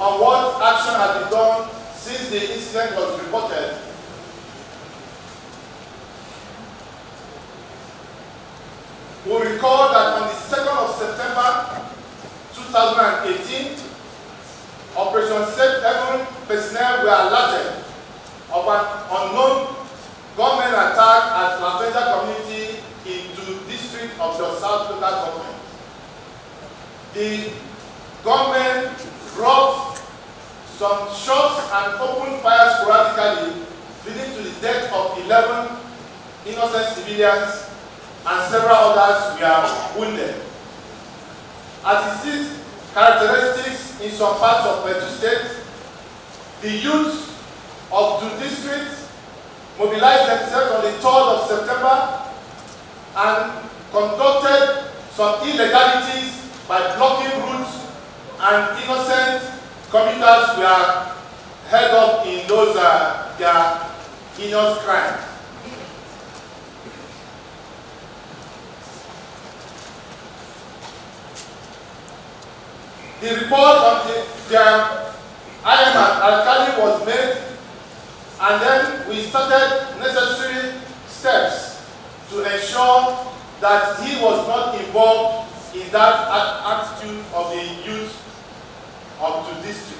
on what action has been done since the incident was reported. We recall that on the 2nd of September 2018, Operation Safe Haven personnel were alerted of an unknown government attack at La community in the district of the South Dakota government. The government some shots and open fire sporadically, leading to the death of eleven innocent civilians and several others were wounded. As it is characteristics in some parts of Plateau State, the youths of two districts mobilized themselves on the 3rd of September and conducted some illegalities by blocking routes and innocent Computers were held up in those uh, their heinous crimes. The report on the, their IMF alkali was made and then we started necessary steps to ensure that he was not involved in that attitude of the youth up to district.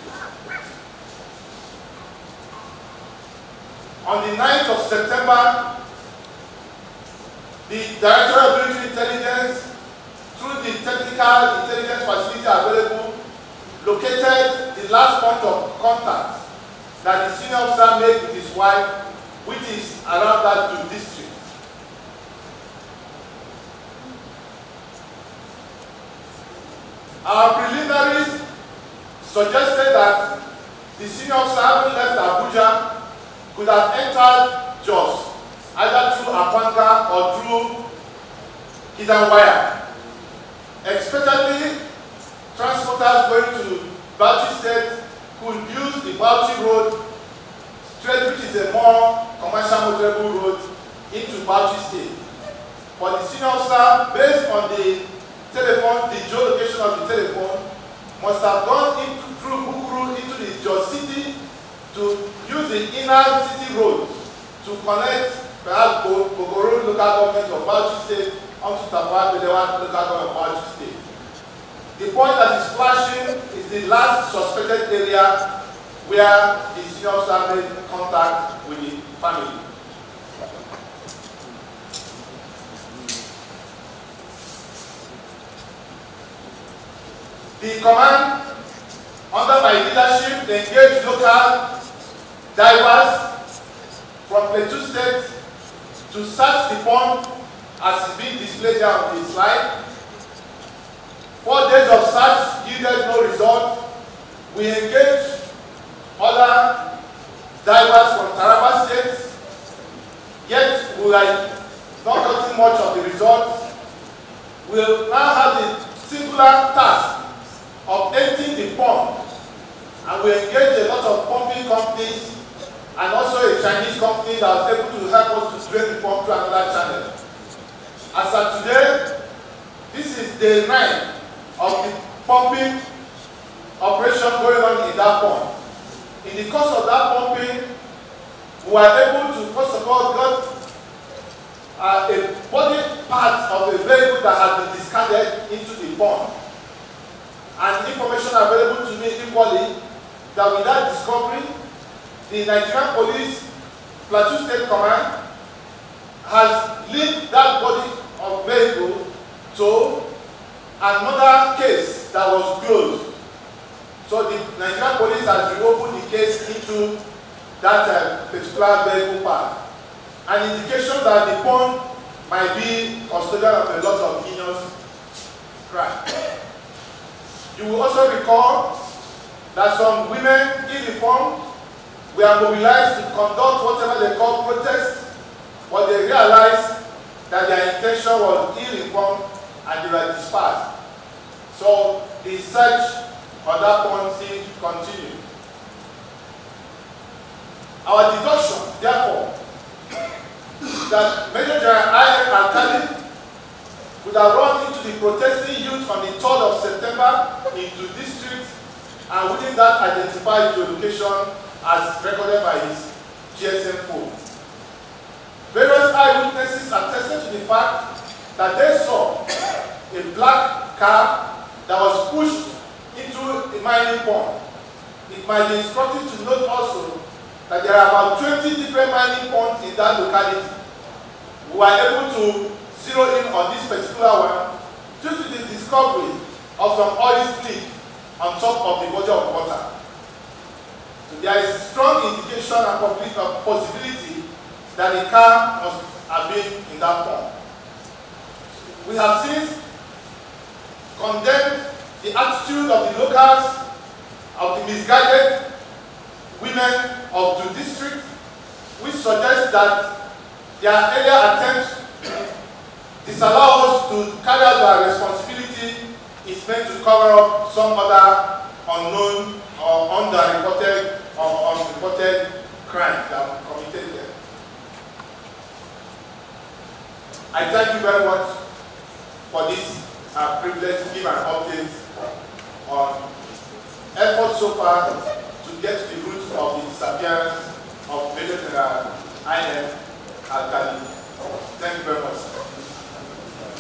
On the 9th of September, the Director of Military Intelligence, through the technical intelligence facility available, located the last point of contact that the senior officer made with his wife, which is around that to district. Our preliminaries suggested that the senior servant left Abuja could have entered Jos either through Apanka or through Kidanwaya. Expectedly, transporters going to Bauchi State could use the Bauchi Road straight, which is a more commercial motorable road, into Bauchi State. But the senior staff, based on the telephone, the geolocation of the telephone, must have gone into your city to use the inner city road to connect perhaps Kokoro local government of Bauchi State onto Tafawa Belewa local government of Bauchi State. The point that is flashing is the last suspected area where the senior family contact with the family. The command My leadership to engage local divers from the two states to search the pond as is being displayed here on the slide. Four days of search yielded no result. We engaged other divers from Taraba states. yet we are not getting much of the results. We now have the singular task of emptying the pond And we engaged a lot of pumping companies and also a Chinese company that was able to help us to drain the pump to another channel. As of today, this is day 9 of the pumping operation going on in that pump. In the course of that pumping, we were able to, first of all, get uh, a body part of a vehicle that had been discarded into the pond. And information available to me equally that with that discovery, the Nigerian Police Plateau State Command has linked that body of vehicle to another case that was closed. So the Nigerian police has reopened the case into that uh, particular vehicle park. An indication that the pond might be custodian of a lot of heinous crime. You will also recall that some women uniformed were mobilized to conduct whatever they call protest, but they realized that their intention was ill-informed and they were dispersed. So the search for that policy continued. Our deduction, therefore, that Major General Ayem Al-Khalid would have run into the protesting youth on the 3rd of September into districts and within that identify the location as recorded by his GSM phone. Various eyewitnesses attested to the fact that they saw a black car that was pushed into a mining pond. It might be instructive to note also that there are about 20 different mining ponds in that locality. We were able to zero in on this particular one due to the discovery of some oil slick on top of the body of water. So there is strong indication and uh, possibility that the car must have been in that pond. We have since condemned the attitude of the locals, of the misguided women of the district, which suggests that their earlier attempts disallow us to carry out our responsibility is meant to cover up some other unknown or underreported or unreported crime that was committed there. I thank you very much for this uh, privilege to give an update on efforts so far to get to the root of the disappearance of Major General I.M. Al-Khali. Thank you very much.